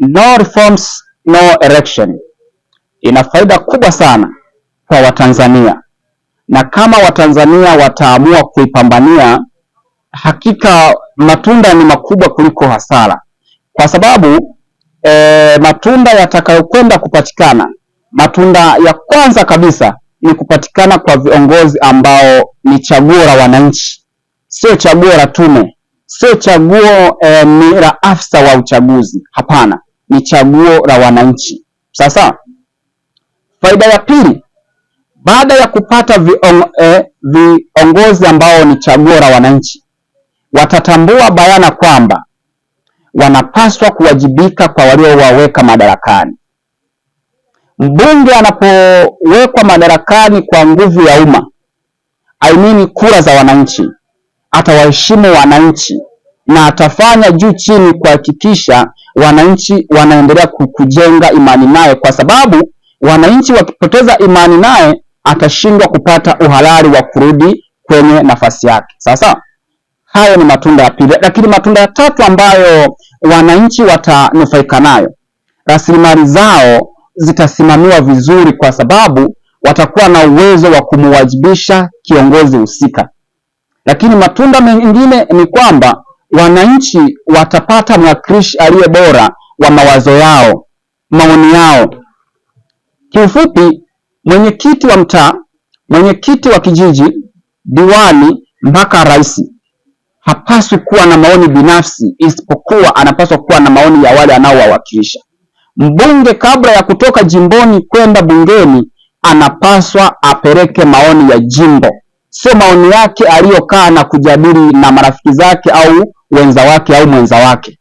No reforms, no election ina faida kubwa sana kwa Watanzania, na kama Watanzania wataamua kuipambania, hakika matunda ni makubwa kuliko hasara, kwa sababu e, matunda yatakayokwenda kupatikana, matunda ya kwanza kabisa ni kupatikana kwa viongozi ambao ni chaguo la wananchi, sio chaguo la tume, sio chaguo e, ni la afisa wa uchaguzi. Hapana, ni chaguo la wananchi. Sasa faida ya pili, baada ya kupata eh, viongozi ambao ni chaguo la wananchi, watatambua bayana kwamba wanapaswa kuwajibika kwa waliowaweka madarakani. Mbunge anapowekwa madarakani kwa nguvu ya umma, aimini kura za wananchi, atawaheshimu wananchi na atafanya juu chini kuhakikisha wananchi wanaendelea kujenga imani naye, kwa sababu wananchi wakipoteza imani naye atashindwa kupata uhalali wa kurudi kwenye nafasi yake. Sasa hayo ni matunda ya pili, lakini matunda ya tatu ambayo wananchi watanufaika nayo, rasilimali zao zitasimamiwa vizuri, kwa sababu watakuwa na uwezo wa kumuwajibisha kiongozi husika. Lakini matunda mengine ni kwamba wananchi watapata mwakilishi aliye bora wa mawazo yao, maoni yao. Kiufupi, mwenyekiti wa mtaa, mwenyekiti wa kijiji, diwani mpaka rais hapaswi kuwa na maoni binafsi, isipokuwa anapaswa kuwa na maoni ya wale anaowawakilisha. Mbunge kabla ya kutoka jimboni kwenda bungeni, anapaswa apeleke maoni ya jimbo sio maoni yake aliyokaa na kujadili na marafiki zake au wenza wake au mwenza wake.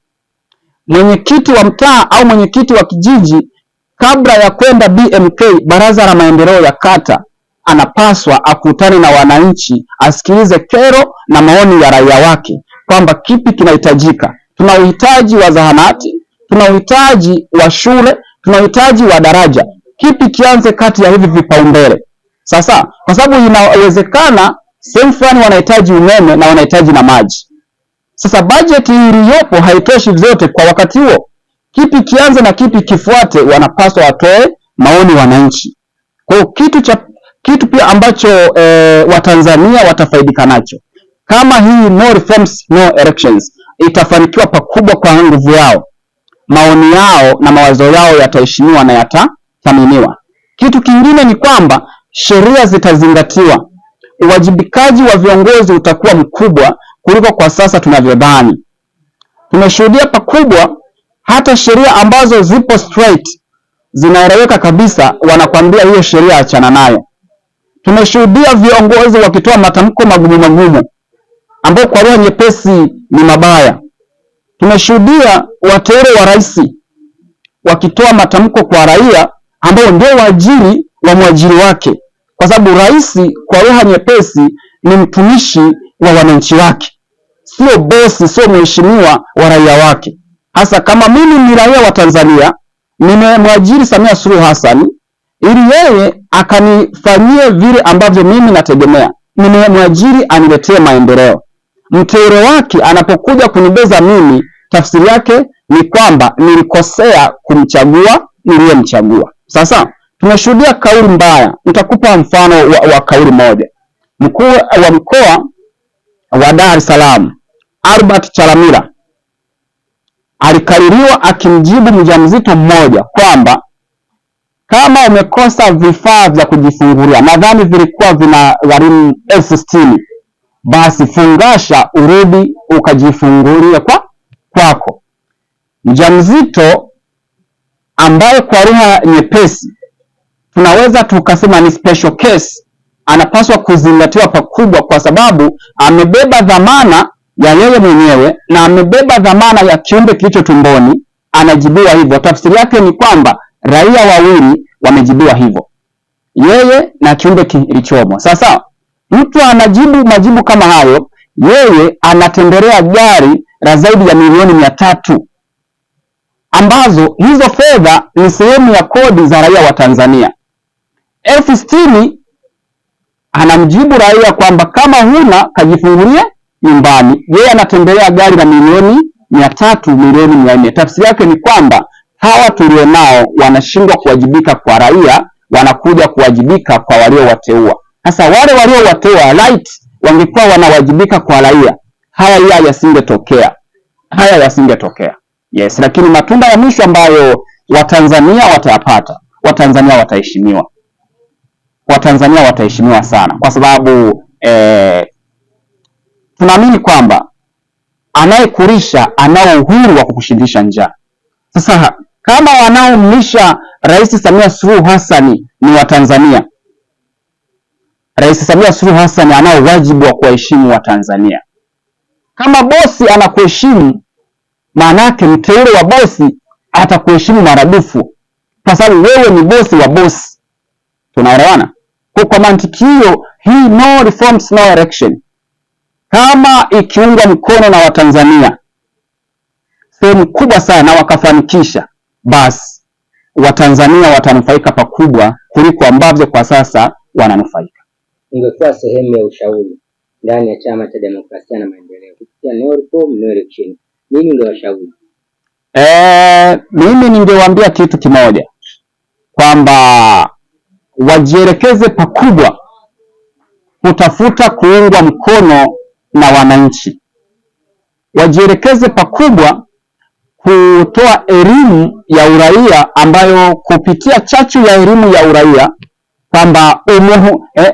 Mwenyekiti wa mtaa au mwenyekiti wa kijiji, kabla ya kwenda BMK, baraza la maendeleo ya kata, anapaswa akutane na wananchi, asikilize kero na maoni ya raia wake kwamba kipi kinahitajika. Tuna uhitaji wa zahanati, tuna uhitaji wa shule, tuna uhitaji wa daraja, kipi kianze kati ya hivi vipaumbele? Sasa kwa sababu inawezekana sehemu fulani wanahitaji umeme na wanahitaji na maji. Sasa bajeti iliyopo haitoshi zote kwa wakati huo, kipi kianze na kipi kifuate? Wanapaswa watoe maoni wananchi. Kwa hiyo kitu cha kitu pia ambacho e, Watanzania watafaidika nacho kama hii no reforms no elections itafanikiwa pakubwa kwa nguvu yao, maoni yao na mawazo yao yataheshimiwa na yatathaminiwa. Kitu kingine ni kwamba sheria zitazingatiwa, uwajibikaji wa viongozi utakuwa mkubwa kuliko kwa sasa tunavyodhani. Tumeshuhudia pakubwa, hata sheria ambazo zipo straight zinaeleweka kabisa, wanakwambia hiyo sheria achana nayo. Tumeshuhudia viongozi wakitoa matamko magumu magumu ambao kwa lugha nyepesi ni mabaya. Tumeshuhudia wateule wa rais wakitoa matamko kwa raia ambao ndio waajiri wa mwajiri wake kwa sababu rais kwa lugha nyepesi ni mtumishi wa wananchi wake, sio bosi, sio mheshimiwa wa raia wake. Hasa kama mimi ni raia wa Tanzania, nimemwajiri Samia Suluhu Hassan ili yeye akanifanyie vile ambavyo mimi nategemea. Nimemwajiri aniletee maendeleo. mteuro wake anapokuja kunibeza mimi, tafsiri yake ni kwamba nilikosea kumchagua niliyemchagua. Sasa Tumeshuhudia kauli mbaya. Nitakupa mfano wa, wa kauli moja. Mkuu wa mkoa wa Dar es Salaam Albert Chalamila alikaririwa akimjibu mjamzito mmoja kwamba kama umekosa vifaa vya kujifungulia, nadhani vilikuwa vina gharimu elfu sitini basi fungasha urudi ukajifungulia kwa kwako. Mjamzito ambaye kwa lugha nyepesi tunaweza tukasema ni special case, anapaswa kuzingatiwa pakubwa, kwa sababu amebeba dhamana ya yeye mwenyewe na amebeba dhamana ya kiumbe kilicho tumboni, anajibiwa hivyo. Tafsiri yake ni kwamba raia wawili wamejibiwa hivyo, yeye na kiumbe kilichomo. Sasa mtu anajibu majibu kama hayo, yeye anatembelea gari la zaidi ya milioni mia tatu ambazo hizo fedha ni sehemu ya kodi za raia wa Tanzania elfu sitini anamjibu raia kwamba kama huna kajifungulie nyumbani. Yeye anatembelea gari la milioni mia tatu milioni mia nne. Tafsiri yake ni kwamba hawa tulio nao wanashindwa kuwajibika kwa raia, wanakuja kuwajibika kwa waliowateua. Sasa wale waliowateua right wangekuwa wanawajibika kwa raia, haya haya yasingetokea, haya yasingetokea. Yes, lakini matunda ya mwisho ambayo Watanzania watayapata, Watanzania wataheshimiwa. Watanzania wataheshimiwa sana, kwa sababu eh, tunaamini kwamba anayekulisha anao uhuru wa kukushindisha njaa. Sasa kama wanaomlisha Rais Samia Suluhu Hassan ni Watanzania, Rais Samia Suluhu Hassan anao wajibu wa kuwaheshimu Watanzania. Kama bosi anakuheshimu, maana yake mteule wa bosi atakuheshimu maradufu, kwa sababu wewe ni bosi wa bosi. Tunaelewana? Kwa, kwa mantiki hiyo hii no reforms no election kama ikiungwa mkono na Watanzania sehemu kubwa sana wakafanikisha, basi Watanzania watanufaika pakubwa kuliko ambavyo kwa sasa wananufaika. Ingekuwa sehemu ya ushauri ndani ya Chama cha Demokrasia na Maendeleo kupitia no reform no election, mimi ningewashauri eh, mimi ningewaambia kitu kimoja kwamba wajielekeze pakubwa kutafuta kuungwa mkono na wananchi, wajielekeze pakubwa kutoa elimu ya uraia ambayo kupitia chachu ya elimu ya uraia kwamba umuhu, eh,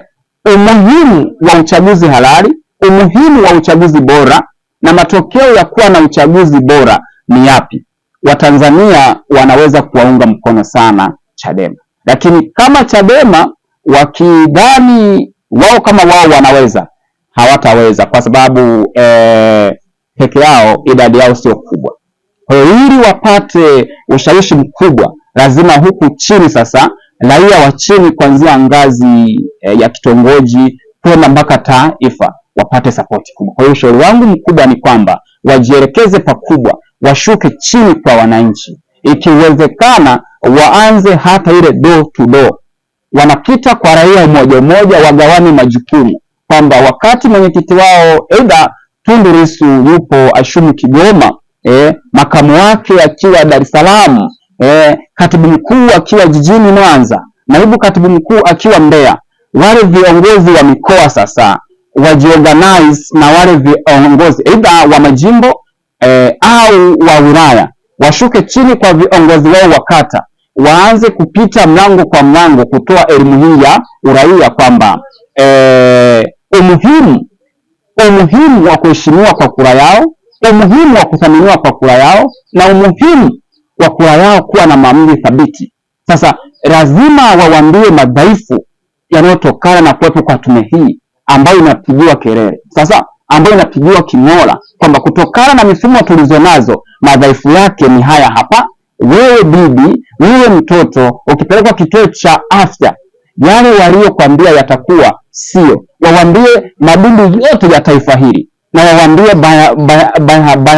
umuhimu wa uchaguzi halali, umuhimu wa uchaguzi bora na matokeo ya kuwa na uchaguzi bora ni yapi, Watanzania wanaweza kuwaunga mkono sana Chadema. Lakini kama Chadema wakidhani wao kama wao wanaweza, hawataweza kwa sababu eh, peke yao idadi yao sio kubwa. Kwa hiyo ili wapate ushawishi mkubwa, lazima huku chini sasa raia wa chini kuanzia ngazi eh, ya kitongoji kwenda mpaka taifa wapate sapoti kubwa. Kwa hiyo ushauri wangu mkubwa ni kwamba wajielekeze pakubwa, washuke chini kwa wananchi, ikiwezekana waanze hata ile door to door, wanapita kwa raia mmoja mmoja, wagawane majukumu kwamba wakati mwenyekiti wao aidha Tundu Lissu yupo Ashumu Kigoma, eh, makamu wake akiwa Dar es Salaam, eh, katibu mkuu akiwa jijini Mwanza, naibu katibu mkuu akiwa Mbeya, wale viongozi wa mikoa sasa wajiorganize na wale viongozi aidha wa majimbo eh, au wa wilaya washuke chini kwa viongozi wao wa kata waanze kupita mlango kwa mlango kutoa elimu hii ya uraia kwamba e, umuhimu umuhimu wa kuheshimiwa kwa kura yao, umuhimu wa kuthaminiwa kwa kura yao, na umuhimu wa kura yao kuwa na maamuzi thabiti. Sasa lazima wawaambie madhaifu yanayotokana na kuwepo kwa tume hii ambayo inapigiwa kelele sasa, ambayo inapigiwa kimola kwamba kutokana na mifumo tulizonazo madhaifu yake ni haya hapa wewe bibi, wewe mtoto, ukipelekwa kituo cha afya, yale yaani waliokwambia yatakuwa sio, wawambie madini yote ya taifa hili na wawambie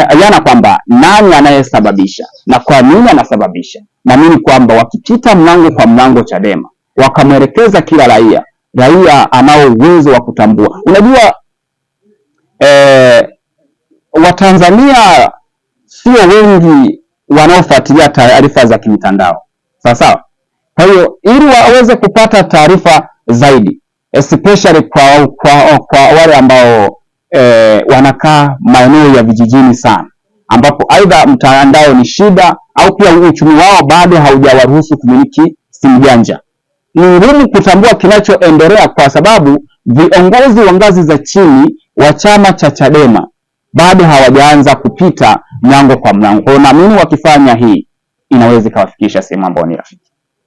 bayana kwamba nani anayesababisha na kwa nini anasababisha. Naamini kwamba wakipita mlango kwa mlango Chadema wakamwelekeza kila raia, raia anao uwezo wa kutambua. Unajua eh, Watanzania sio wengi wanaofuatilia taarifa za kimitandao sawa sawa. Kwa hiyo ili waweze kupata taarifa zaidi especially kwa, kwa, kwa wale ambao eh, wanakaa maeneo ya vijijini sana ambapo aidha mtandao ni shida au pia uchumi wao bado haujawaruhusu kumiliki simu janja. Ni muhimu kutambua kinachoendelea kwa sababu viongozi wa ngazi za chini wa chama cha Chadema bado hawajaanza kupita mlango kwa mlango. Kwa hiyo naamini wakifanya hii inaweza ikawafikisha sehemu ambayo ni rafiki.